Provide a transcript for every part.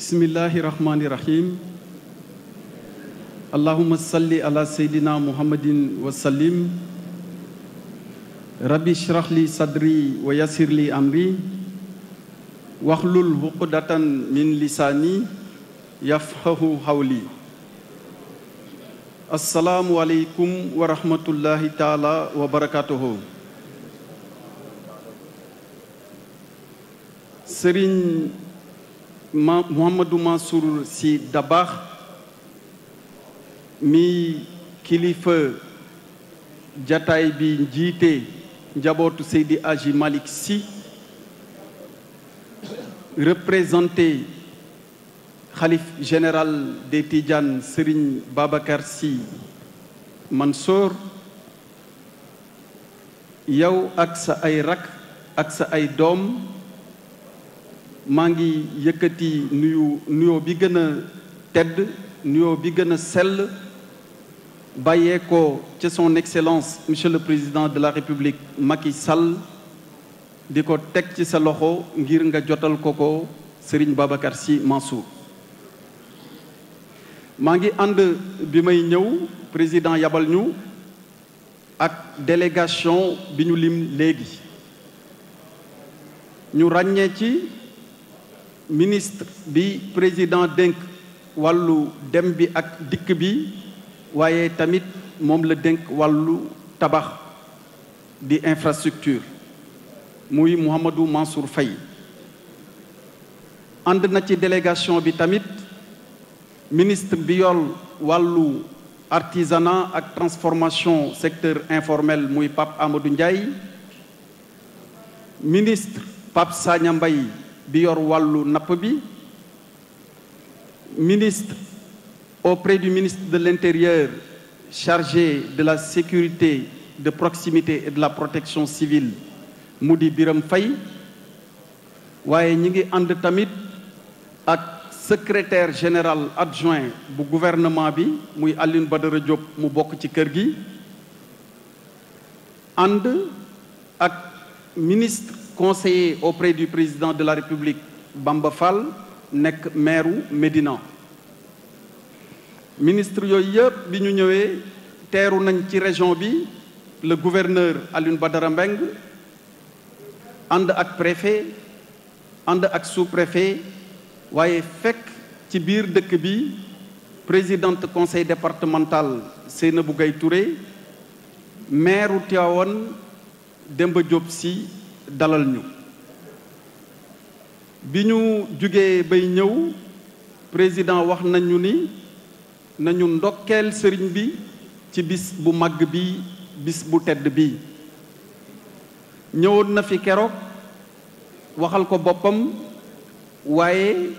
bismillahi rahmani rahim allahuma salli ala seydina muhammadin wa sallim rabbi shrah li sadri wa yassir li amri waxlul uqdatan min lisaani yafqahu xawli assalaamu aleykum wa rahmatullahi taala wa barakatuhu sëriñ ma Mouhamadou Mansour Sy Dabakh mi kilifa jataay bi njiite njabootu Seydi Aji Malick si représenté xalif général des Tidianes Serigne Babacar Sy Mansour yow ak sa ay rak ak sa ay doom maa ngi yëkkati nuyu nuyoo bi gën a tedd nuyoo bi gën a sell bàyyeekoo ca ci son excellence monsieur le président de la république Macky Sall di ko teg ci sa loxo ngir nga jotal ko ko Serigne Babacar Sy Mansour maa ngi ànd bi may ñëw président yabal ñu ak délégation bi ñu lim léegi ñu ràññee ci ministre bi président dénk wàllu dem bi ak dikk bi waaye tamit moom la dénk wàllu tabax di infrastructure muy Mouhamadou masur Faye ànd na ci délégation bi tamit ministre bi yool wàllu artisanat ak transformation secteur informel muy Pape Amadou Ndiaye ministre Pape Sagna Mbaye bi yor wàllu napp bi ministre au auprès du ministre de l'Intérieur chargé de la sécurité de proximité et de la protection civile mu di Biram Faye waaye ñi ngi ànd tamit ak secrétaire général adjoint bu gouvernement bi muy ba Badara Diop mu bokk ci kër gi ànd ak ministre conseiller auprès du président de la République Bamba fal nekk maire Médina ministre yooyu yëpp bi ñu ñëwee teeru nañ ci région bi le gouverneur ba dara Mbengue ànd ak préfet ànd ak sous waaye fekk ci biir dëkk bi présidente conseil départemental Seynabou Gaye Touré maire Tivaouane Demba Diop Sy dalal ñu bi ñu jugee bay ñëw président wax nañu ni nañu ndokkeel sëriñ bi ci bis bu màgg bi bis bu tedd bi ñëwoon na fi keroog waxal ko boppam waaye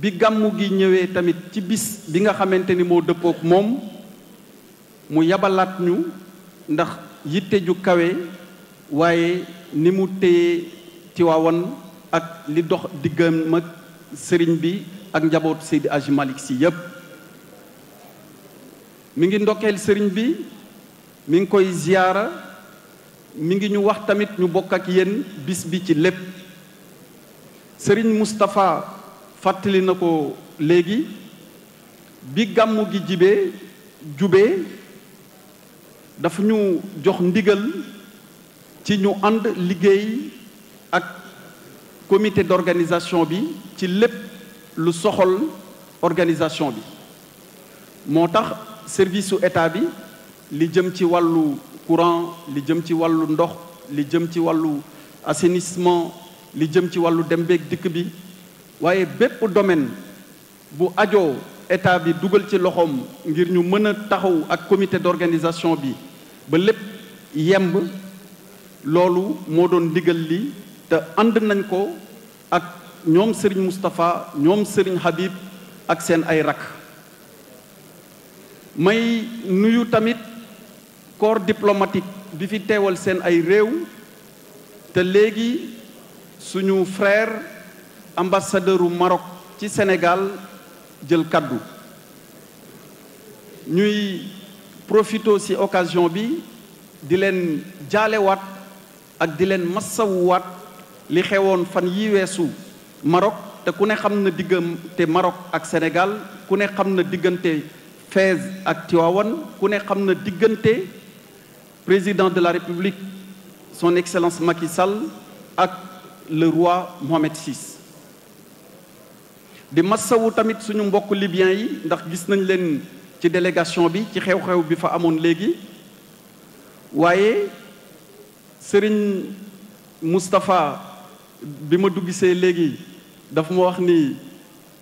bi gàmmu gi ñëwee tamit ci bis bi nga xamante ni moo dëppook moom mu yabalaat ñu ndax yitte ju kawe waaye ni mu téye Tiwaawan ak li dox diggam ak sëriñ bi ak njabootu Seydi Aji Malick si yépp mi ngi ndokkeel sëriñ bi mi ngi koy ziyaara mi ngi ñu wax tamit ñu bokk ak yenn bis bi ci lépp sëriñ Moustapha fàttali na ko léegi bi gàmmu gi jibee jubee dafa ñu jox ndigal ci ñu ànd liggéey ak comité d'organisation bi ci lépp lu soxal organisation bi moo tax service su état bi li jëm ci wàllu courant li jëm ci wàllu ndox li jëm ci wàllu assainissement li jëm ci wàllu dem beeg dikk bi waaye bépp domaine bu ajoo état bi dugal ci loxoom ngir ñu mën a taxaw ak comité d'organisation bi ba lépp yemb loolu moo doon ndigal li te ànd nañ ko ak ñoom sëriñ Moustapha ñoom sëriñ Habib ak seen ay rak may nuyu tamit corps diplomatique bi fi teewal seen ay réew te léegi suñu frère ambassadeuru Maroc ci Sénégal jël kàddu ñuy profito ci occasion bi di leen jaalewaat ak di leen massawuwaat li xewoon fan yi weesu Maroc te ku ne xam na diggante Maroc ak Sénégal ku ne xam na diggante Fès ak Tivaouane ku ne xam na diggante président de la République son excellence Macky Sall ak le roi Mohamed VI di massawu tamit suñu mbokk libyens yi ndax gis nañ leen ci délégation bi ci xew-xew bi fa amoon léegi waaye sëriñ Moustapha bi ma duggisee léegi dafa ma wax ni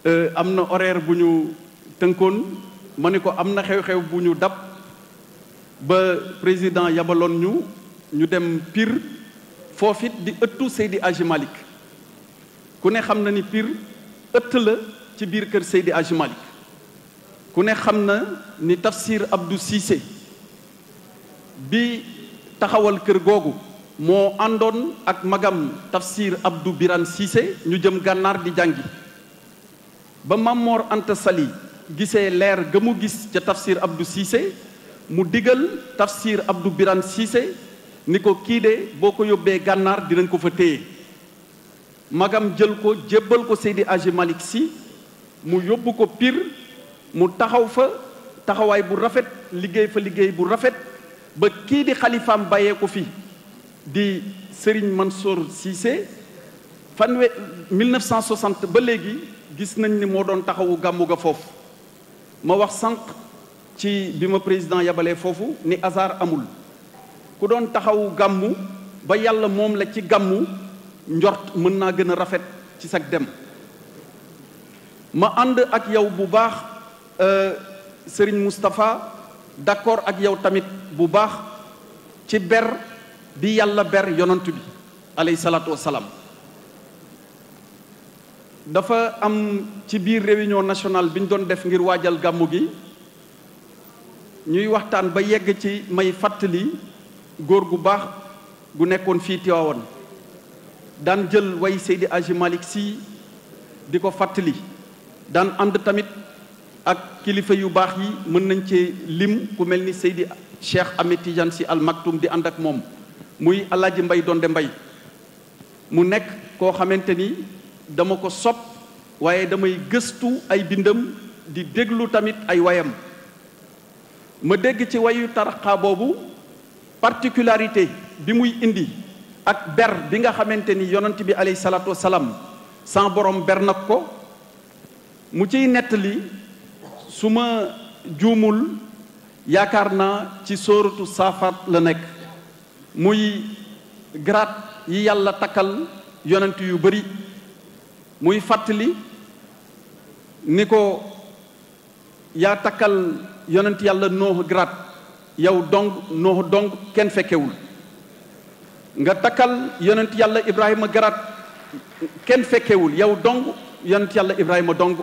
euh, am na horaire bu ñu tënkoon ma ni ko am na xew-xew bu ñu dab ba président yabaloon ñu ñu dem Pire foofit di ëttu Seydi Hadji Malick ku ne xam na ni piir ëtt la ci biir kër Seydi Hadji Malick ku ne xam na ni Tafsir abdu Cissé bi taxawal kër googu moo àndoon ak magam tafsir Abdou Birane Cissé ñu jëm gànnaar di jàngi ba Mamor Anta Sali gisee leer ga mu gis ca tafsir Abdou Cissé mu digal tafsir Abdou Birane Cissé ni ko kii de boo ko yóbbee gànnaar dinañ ko fa téye magam jël ko jébbal ko Seydi Hadji Malick Sy mu yóbbu ko Pire mu taxaw fa taxawaay bu rafet liggéey fa liggéey bu rafet ba kii di xalifaam bàyyee ko fi di Serigne Mansour Cissé fanwe 1960 ba léegi gis nañ ni moo doon taxawu gàmmu ga foofu ma wax sànq ci bi ma président yabalee foofu ni hasard amul ku doon taxawu gàmmu ba yàlla moom la ci gàmmu njort mën naa gën a rafet ci sag dem ma ànd ak yow bu baax euh, Serigne Moustapha d'accord ak yow tamit bu baax ci ber bi yàlla ber yonant bi alayhi salaatu wasalaam dafa am ci biir réunion nationale bi ñu doon def ngir waajal gàmmu gi ñuy waxtaan ba yegg ci may fàttali góor gu baax gu nekkoon fii Tiwaawan daan jël way Seydi Aji malik si di ko fàttali daan ànd tamit ak kilifa yu baax yi mën nañ ci lim ku mel ni Seydi Cheikh Ahmed Tidiane Sy Al Maktoum di ànd ak moom muy Alaaji Mbay Donde Mbay mu nekk koo xamante ni dama ko sob waaye damay gëstu ay bindam di déglu tamit ay wayam ma dégg ci wayu taraxaa boobu particularité bi muy indi ak ber bi nga xamante ni yonent bi alayhi salaatu wasalaam sans borom ber nag ko mu ciy nettali su ma juumul yaakaar naa ci sóoratu saafaat la nekk muy garaat yi yàlla takkal yonent yu bari muy fàttali ni ko yaa takkal yonent yàlla noox garaat yow dong noox dong kenn fekkewul nga takkal yonent yàlla ibrahima garaat kenn fekkewul yow dong yonent yàlla ibrahima dong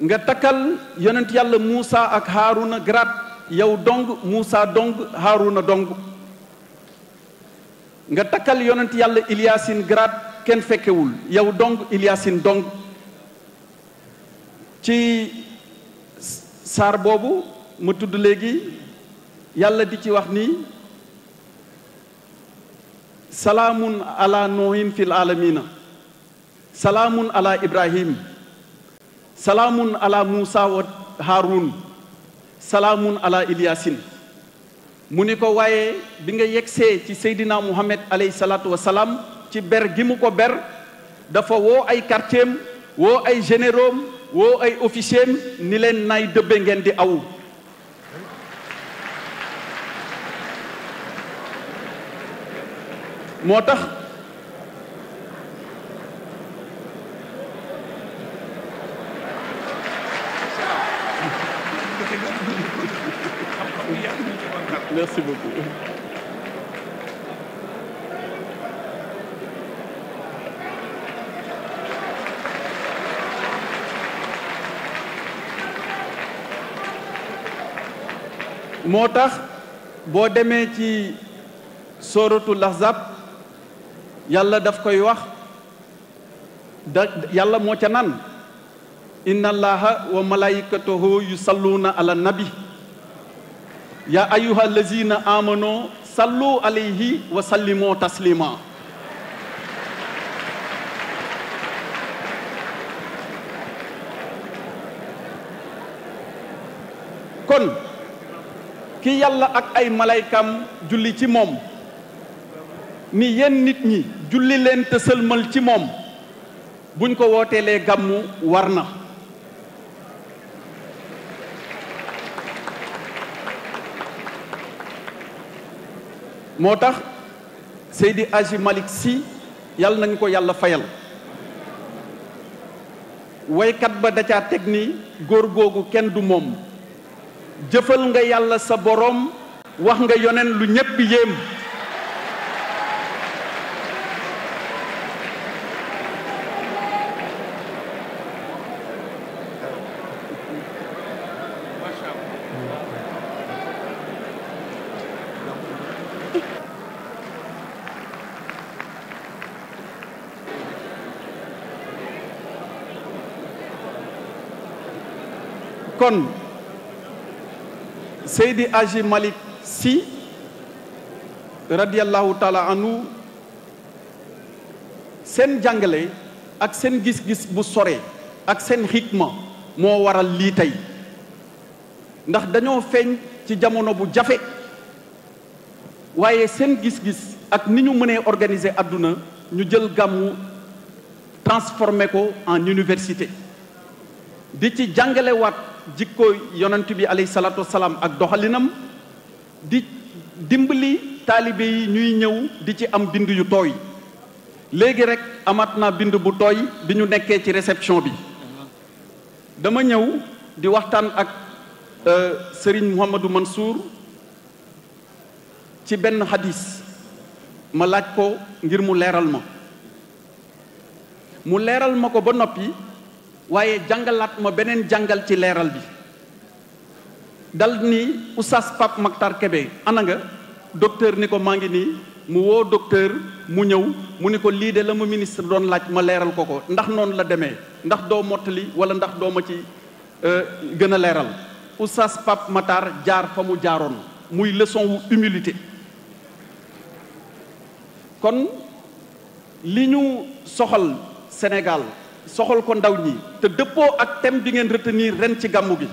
nga takkal yonent yàlla Muusa ak Haaruna garaat yow dong Muusa dong Haaruna dong nga takkal yonent yàlla Iliyaasin grade kenn fekkewul yow dong Iliyaasin dong ci saar boobu mu tudd léegi yàlla di ci wax nii salaamun ala nuuhin fil alamina salaamun ala ibrahim salaamun ala muusa wa haarun salaamun ala Iliyaasin mu ni ko waaye bi nga yegsee ci seydinaa Muhammad alayhi salaatu wasalaam ci ber gi mu ko ber dafa woo ay quartier woo ay généraux am woo ay officier ni leen nay dëbbe ngeen di aw moo tax moo tax boo demee ci sóoratu laxzab yàlla daf koy wax da yàlla moo ca nan inna allaha wa malaikatahu yusalluuna ala nabi yaa ayyuha allazina amano sallu alayhi wa sallimu taslima kon ki yàlla ak ay malaykam julli ci moom ni yéen nit ñi julli leen ci moom buñ ko wooteelee gàmmu war na moo tax Seydi Aji Malick si yàlla nañu ko yàlla fayal woykat ba da caa teg ni góor googu kenn du moom jëfal nga yàlla sa boroom wax nga yoneen lu ñépp yéem kon Seydi Aji Malik Si radiyallahu taala seen jàngale ak seen gis-gis bu sore ak seen xikma moo waral lii tey ndax dañoo feeñ ci jamono bu jafe waaye seen gis-gis ak ni ñu mënee organiser àdduna ñu jël gàmmu transformer ko en université di ci jàngalewaat jikko yonent bi alayhi salaatu wasalaam ak doxalinam di dimbali taalibe yi ñuy ñëw di ci am bind yu tooy léegi rek amat naa bind bu tooy bi ñu nekkee ci réception bi dama ñëw di waxtaan ak euh, Serigne Mouhamadou Mansour ci benn hadis ma laaj ko ngir mu leeral ma mu leeral ma ko ba noppi waaye jàngalaat ma beneen jàngal ci leeral bi dal ni oustaz Pape Makhtar Kébé ana nga docteur ni ko maa ngi nii mu woo docteur mu ñëw mu ni ko lii de la ma ministre doon laaj ma leeral ko ko ndax noonu la demee ndax doo mottali wala ndax doo ma ci euh, gën a leeral oustaz Pape matar jaar fa mu jaaroon muy leçon wu humilité kon li ñu soxal Sénégal soxal ko ndaw ñi te dëppoo ak thème bi ngeen retenir ren ci gàmmu gi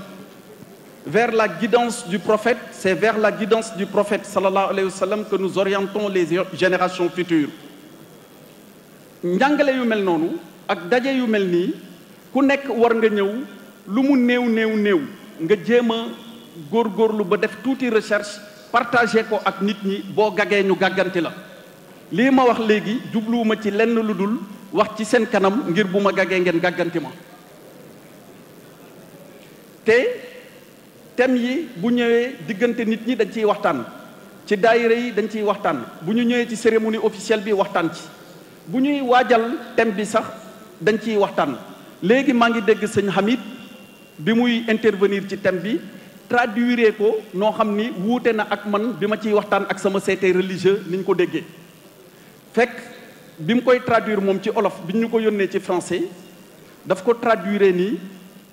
vers la guidance du prophète c'est vers la guidance du prophète sallallahu alayhi wa sallam que nous orientons les générations futures njàngale yu mel noonu ak daje yu mel nii ku nekk war nga ñëw lu mu néew néew néew nga jéem a góorlu ba def tuuti recherche partagé ko ak nit ñi boo gagee ñu gàgganti la lii ma wax léegi jubluwuma ci lenn lu dul wax ci seen kanam ngir bu ma gàggee ngeen gàgganti ma te thème yi bu ñëwee diggante nit ñi dañ ciy waxtaan ci daayira yi dañ ciy waxtaan bu ñu ñëwee ci cérémonie officielle bi waxtaan ci bu ñuy waajal thème bi sax dañ ciy waxtaan léegi maa ngi dégg sëñ Hamid bi muy intervenir ci thème bi traduire ko noo xam ni wuute na ak man bi ma ciy waxtaan ak sama seete religieux ni ko déggee bi mu koy traduire moom ci olof bi ñu ko yónnee ci français daf ko traduire nii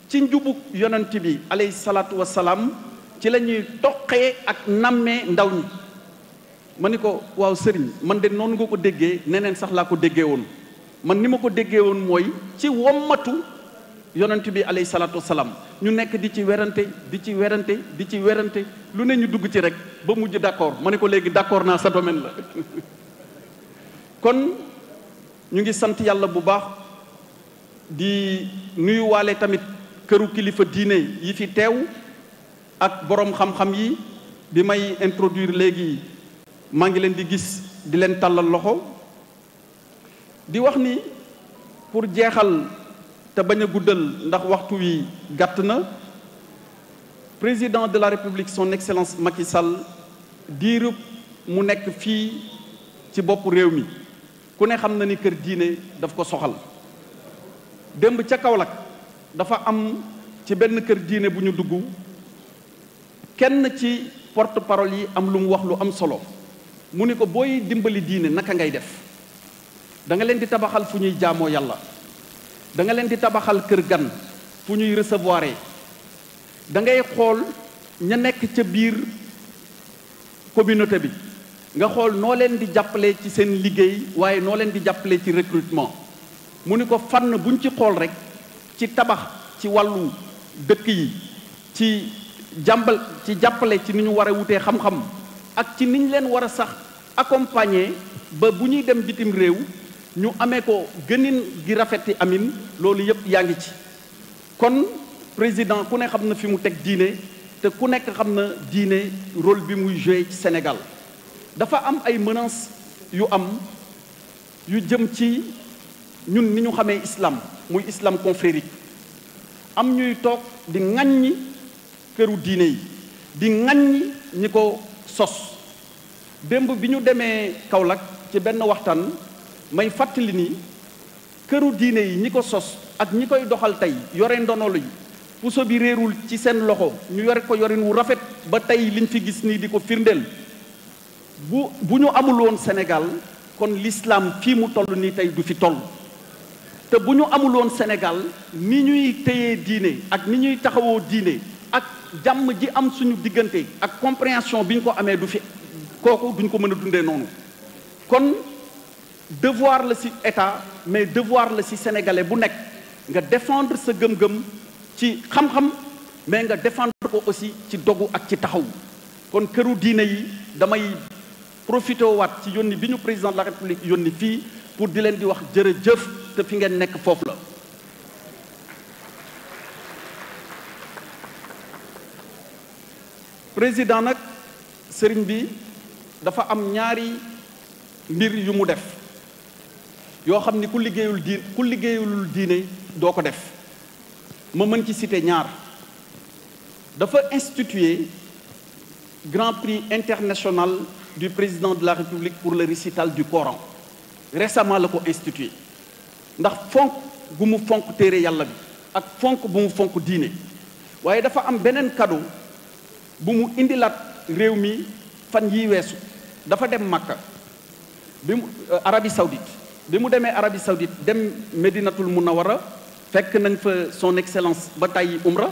ci njubug yonent bi alayhi salaatu wasalaam ci la ñuy toqee ak nammee ndaw ñi ma ni ko waaw sëriñ man de noonu nga ko déggee neneen sax laa ko déggee woon man ni ma ko déggee woon mooy ci wommatu yonent bi aley salaatu wasalaam ñu nekk di ci werante di ci werante di ci werante lu ne ñu dugg ci rek ba mujj d'accord ma ne ko léegi d'accord naa sa domaine la ñu ngi sant yàlla bu baax di nuyuwaale tamit këru kilifa diine yi fi teew ak boroom xam-xam yi bi may introduire léegi maa ngi leen di gis di leen tàllal loxo di wax ni pour jeexal te bañ a guddal ndax waxtu wi gàtt na président de la république son excellence Macky Sall diirub mu nekk fii ci bopp réew mi ku ne xam na ni kër diine daf ko soxal démb ca kaw Kaolack dafa am ci benn kër diine bu ñu dugg kenn ci porte parole yi am lu mu wax lu am solo mu ni ko booy dimbali diine naka ngay def danga leen di tabaxal fu ñuy jaamoo yàlla da nga leen di tabaxal kër gan fu ñuy recevoir da ngay xool ña nekk ca biir communauté bi nga xool noo leen di jàppale ci seen liggéey waaye noo leen di jàppale ci recrutement mu ni ko fànn buñ ci xool rek ci tabax ci wàllu dëkk yi ci jàmbal ci jàppale ci ni ñu war a wutee xam-xam ak ci niñ leen war a sax accompagner ba bu ñuy dem bitim réew ñu amee ko gënin gi rafeti amin loolu yëpp yaa ngi ci kon président ku ne xam na fi mu teg diine te ku nekk xam na diine rôle bi muy joué ci Sénégal dafa am ay menaces yu am yu jëm ci ñun ni ñu xamee islam muy islam confrérique am ñuy toog di ŋaññi këru diine yi di ŋaññi ñi ko sos démb bi ñu demee Kaolack ci benn waxtaan may fàttali ni këru diine yi ñi ko sos ak ñi koy doxal tey yore ndono yi puso bi réerul ci seen loxo ñu yore ko yorin wu rafet ba tey liñ fi gis nii di ko firndeel bu bu ñu amul woon Sénégal kon lislaam fii mu toll nii tey du fi toll te bu ñu amul woon Sénégal ni ñuy téyee diine ak ni ñuy taxawoo diine ak jàmm ji am suñu diggante ak compréhension bi ñu ko amee du fi kooku duñ ko mën a dundee noonu kon devoir la ci état mais devoir la ci sénégalais bu nekk nga défendre sa gëm-gëm ci xam-xam mais nga défendre ko aussi ci dogu ak ci taxaw kon këru diine yi damay profité waat ci yónni bi ñu président de la république yónni fii pour di leen di wax jërëjëf te fi ngeen nekk foofu la. président nag sëriñ bi dafa am ñaari mbir yu mu def yoo xam ni ku liggéeyul diin ku liggéeyulul diine doo ko def ma mën ci citer ñaar dafa instituer grand prix international. du président de la République pour le récital du Coran récemment la ko institué ndax fonk gu mu fonk téere yàlla bi ak fonk bu mu fonk diine waaye dafa am beneen cadeau bu mu indilaat réew mi fan yi weesu dafa dem Makka bi mu euh, Arabie Saoudite bi mu demee Arabie Saoudite dem Medinatul a fekk nañ fa son excellence ba tàyyi umra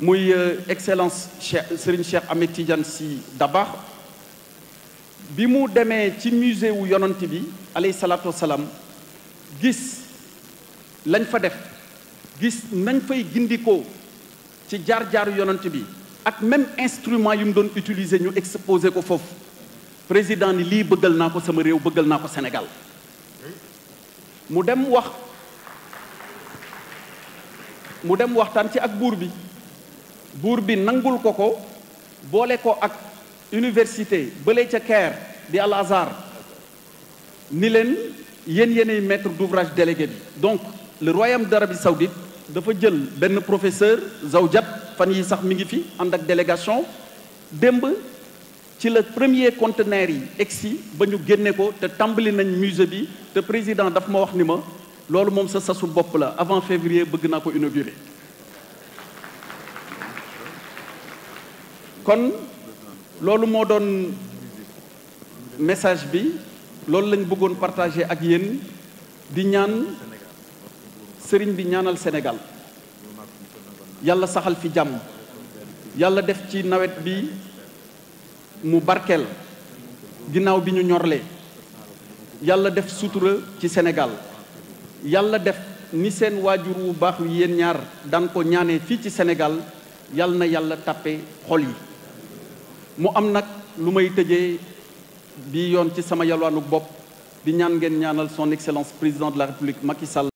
muy euh, excellence Cheikh Serigne Cheikh Ahmed Tidiane Sy Dabakh bi mu demee ci musée wu yonant bi aley salaatu wasalaam gis lañ fa def gis nañ fay gindikoo ci jaar-jaaru yonant bi ak même instrument yu mu doon utiliser ñu exposé ko foofu président ni lii bëggal naa ko sama réew bëggal naa ko senegal mu dem wax mu dem waxtaan ci ak buur bi buur bi nangul ko ko boole ko ak université bële ca Caire di Al Azhar ni leen yéen yéenay maître d'ouvrage délégué bi donc le royaume d'Arabie saoudite dafa jël benn professeur Zawjat fan yi sax mi ngi fi ànd ak délégation démb ci la premier conteneur yi egsi ba ñu génne ko te tàmbali nañ musée bi te président daf ma wax ni ma loolu moom sa sasu bopp la avant février bëgg naa ko inaugurer kon loolu moo doon message bi loolu lañ bëggoon partager ak yéen di ñaan sëriñ bi ñaanal senegal yàlla saxal fi jàmm yàlla def ci nawet bi mu barkeel ginnaaw bi ñu ñorlee yàlla def sutura ci senegal yàlla def ni seen waajur wu baax wi yéen ñaar daan ko ñaanee fii ci senegal yàlla na yàlla tàppe xol yi mu am nag lu may tëjee bi yoon ci sama yalwaanuk bopp di ñaan ngeen ñaanal son excellence président de la république Macky Sall